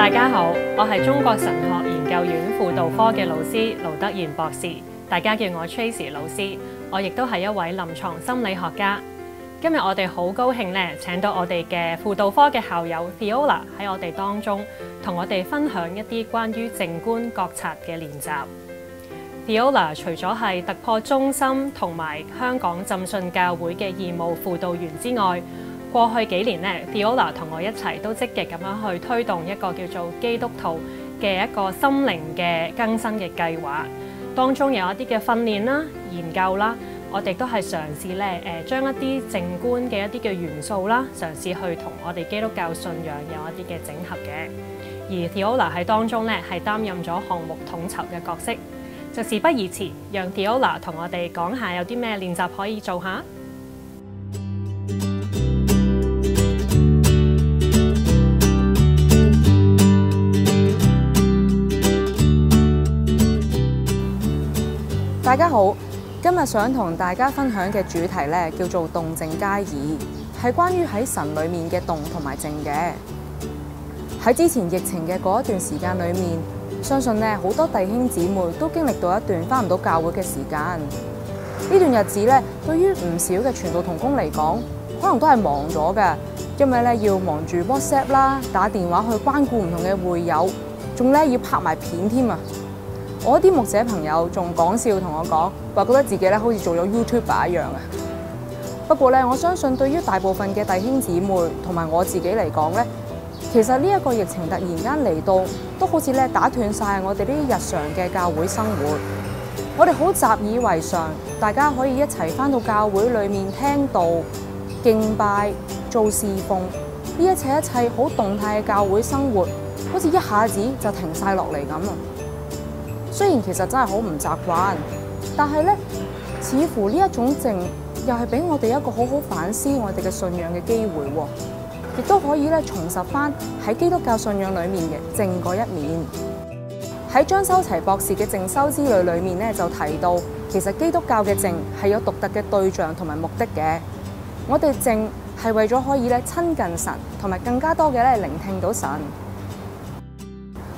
大家好，我係中國神學研究院輔導科嘅老師盧德賢博士，大家叫我 Tracy 老師，我亦都係一位臨牀心理學家。今日我哋好高興咧，請到我哋嘅輔導科嘅校友 Fiola 喺我哋當中，同我哋分享一啲關於靜觀覺察嘅練習。Fiola 除咗係突破中心同埋香港浸信教會嘅義務輔導員之外，過去幾年咧，Diorla 同我一齊都積極咁樣去推動一個叫做基督徒嘅一個心靈嘅更新嘅計劃，當中有一啲嘅訓練啦、研究啦，我哋都係嘗試咧誒將一啲靜觀嘅一啲嘅元素啦，嘗試去同我哋基督教信仰有一啲嘅整合嘅。而 Diorla 喺當中咧係擔任咗項目統籌嘅角色，就事不宜遲，讓 Diorla 同我哋講下有啲咩練習可以做下。大家好，今日想同大家分享嘅主題咧叫做「動靜皆宜」，係關於喺神裏面嘅動同埋靜嘅。喺之前疫情嘅嗰一段時間裏面，相信咧好多弟兄姊妹都經歷到一段翻唔到教會嘅時間。呢段日子咧，對於唔少嘅傳道同工嚟講，可能都係忙咗嘅，因為咧要忙住 WhatsApp 啦，打電話去關顧唔同嘅會友，仲咧要拍埋片添啊！我啲牧者朋友仲講笑同我講，話覺得自己咧好似做咗 YouTuber 一樣啊！ 不過咧，我相信對於大部分嘅弟兄姊妹同埋我自己嚟講咧，其實呢一個疫情突然間嚟到，都好似咧打斷晒我哋啲日常嘅教會生活。我哋好習以為常，大家可以一齊返到教會裏面聽道、敬拜、做侍奉，呢一切一切好動態嘅教會生活，好似一下子就停晒落嚟咁啊！雖然其實真係好唔習慣，但係咧，似乎呢一種靜，又係俾我哋一個好好反思我哋嘅信仰嘅機會，哦，亦都可以咧重拾翻喺基督教信仰裏面嘅靜嗰一面。喺張修齊博士嘅靜修之旅裏面咧，就提到其實基督教嘅靜係有獨特嘅對象同埋目的嘅。我哋靜係為咗可以咧親近神，同埋更加多嘅咧聆聽到神。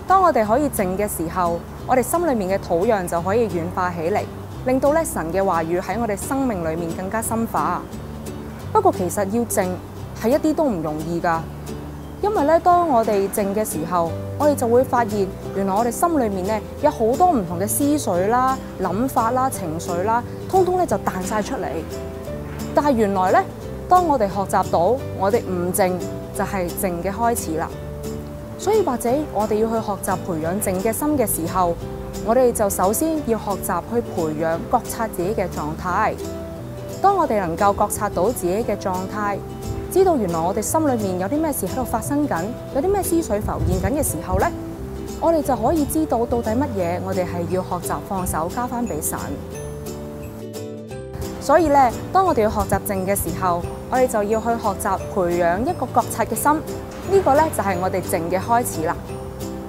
當我哋可以靜嘅時候，我哋心裏面嘅土壤就可以軟化起嚟，令到咧神嘅話語喺我哋生命裏面更加深化。不過其實要靜係一啲都唔容易噶，因為咧當我哋靜嘅時候，我哋就會發現原來我哋心裏面咧有好多唔同嘅思緒啦、諗法啦、情緒啦，通通咧就彈晒出嚟。但係原來咧，當我哋學習到我哋唔靜，就係、是、靜嘅開始啦。所以或者我哋要去學習培養靜嘅心嘅時候，我哋就首先要學習去培養覺察自己嘅狀態。當我哋能夠覺察到自己嘅狀態，知道原來我哋心裏面有啲咩事喺度發生緊，有啲咩思緒浮現緊嘅時候呢，我哋就可以知道到底乜嘢我哋係要學習放手交翻俾神。所以咧，當我哋要學習靜嘅時候，我哋就要去學習培養一個覺察嘅心，呢、這個呢，就係、是、我哋靜嘅開始啦。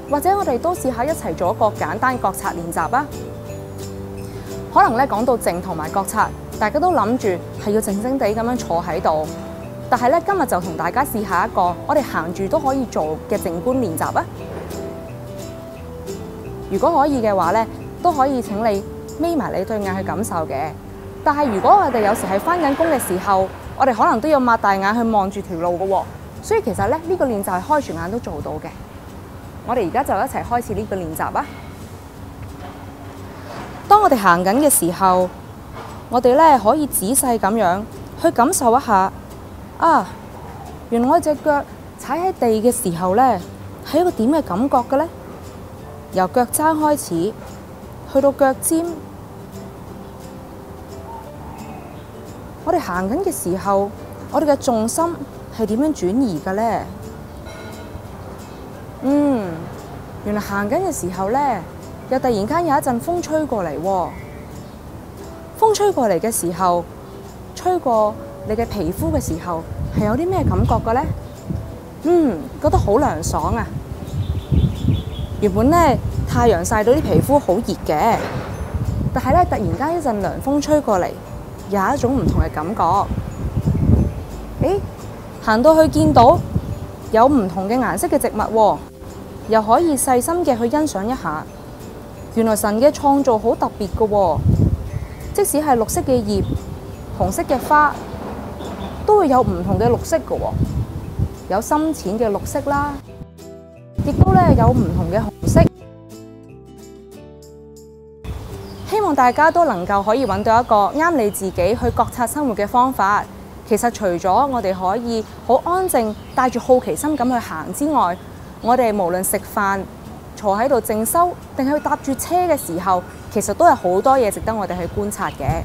或者我哋都試下一齊做一個簡單覺察練習啊。可能呢，講到靜同埋覺察，大家都諗住係要靜靜地咁樣坐喺度，但係呢，今日就同大家試下一個，我哋行住都可以做嘅靜觀練習啊。如果可以嘅話呢，都可以請你眯埋你對眼去感受嘅。但係如果我哋有時係翻緊工嘅時候，我哋可能都要擘大眼去望住條路嘅、哦，所以其實咧呢，呢個練習係開住眼都做到嘅。我哋而家就一齊開始呢個練習啊！當我哋行緊嘅時候，我哋咧可以仔細咁樣去感受一下啊，原來我隻腳踩喺地嘅時候咧係一個點嘅感覺嘅咧。由腳踭開始，去到腳尖。我哋行緊嘅時候，我哋嘅重心係點樣轉移嘅咧？嗯，原來行緊嘅時候咧，又突然間有一陣風吹過嚟哦。風吹過嚟嘅時候，吹過你嘅皮膚嘅時候，係有啲咩感覺嘅咧？嗯，覺得好涼爽啊！原本咧太陽曬到啲皮膚好熱嘅，但係咧突然間一陣涼風吹過嚟。有一種唔同嘅感覺，誒、欸，行到去見到有唔同嘅顏色嘅植物，哦，又可以細心嘅去欣賞一下。原來神嘅創造好特別㗎喎，即使係綠色嘅葉、紅色嘅花，都會有唔同嘅綠色㗎喎，有深淺嘅綠色啦，亦都咧有唔同嘅紅色。大家都能夠可以揾到一個啱你自己去覺察生活嘅方法。其實除咗我哋可以好安靜帶住好奇心咁去行之外，我哋無論食飯、坐喺度靜修，定係搭住車嘅時候，其實都係好多嘢值得我哋去觀察嘅。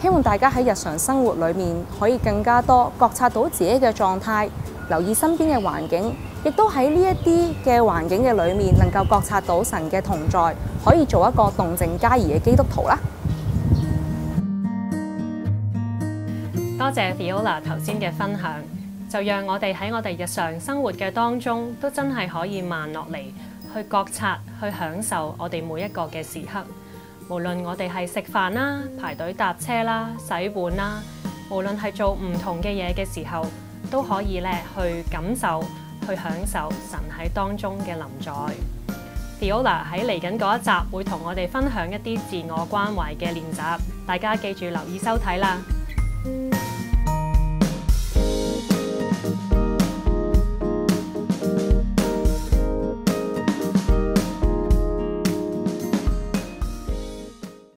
希望大家喺日常生活裏面可以更加多覺察到自己嘅狀態，留意身邊嘅環境。亦都喺呢一啲嘅環境嘅裏面，能夠覺察到神嘅同在，可以做一個動靜皆宜嘅基督徒啦。多謝 Viola 頭先嘅分享，就讓我哋喺我哋日常生活嘅當中，都真係可以慢落嚟去覺察，去享受我哋每一個嘅時刻，無論我哋係食飯啦、排隊搭車啦、洗碗啦，無論係做唔同嘅嘢嘅時候，都可以咧去感受。去享受神喺當中嘅臨在。Diana 喺嚟緊嗰一集會同我哋分享一啲自我關懷嘅練習，大家記住留意收睇啦。